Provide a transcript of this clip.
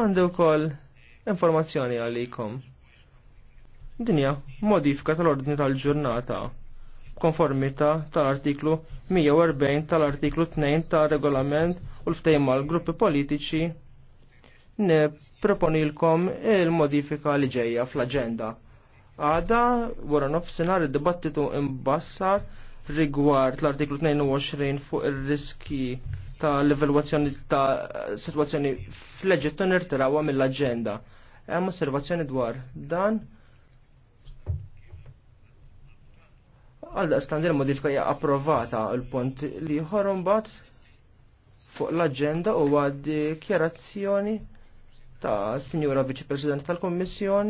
għandu kol informazzjoni għalikom. Dinja modifika tal-ordni tal-ġurnata konformita tal-artiklu 140 tal-artiklu 2 tal-regolament u l-ftejn mal-gruppi politiċi ne proponilkom il-modifika li ġejja fl-agenda. Għada, wara nofsinhar id-dibattitu imbassar rigward l-artiklu 22 fuq ir-riski ta' l-evalwazzjoni ta' situazzjoni fl-Eġittu nirtirawa mill-aġenda. Hemm osservazzjoni dwar dan. Għalda standir modifika hija approvata l-punt li ħorom bat fuq l u huwa dikjarazzjoni ta' Sinjura Viċi President tal-Kommissjoni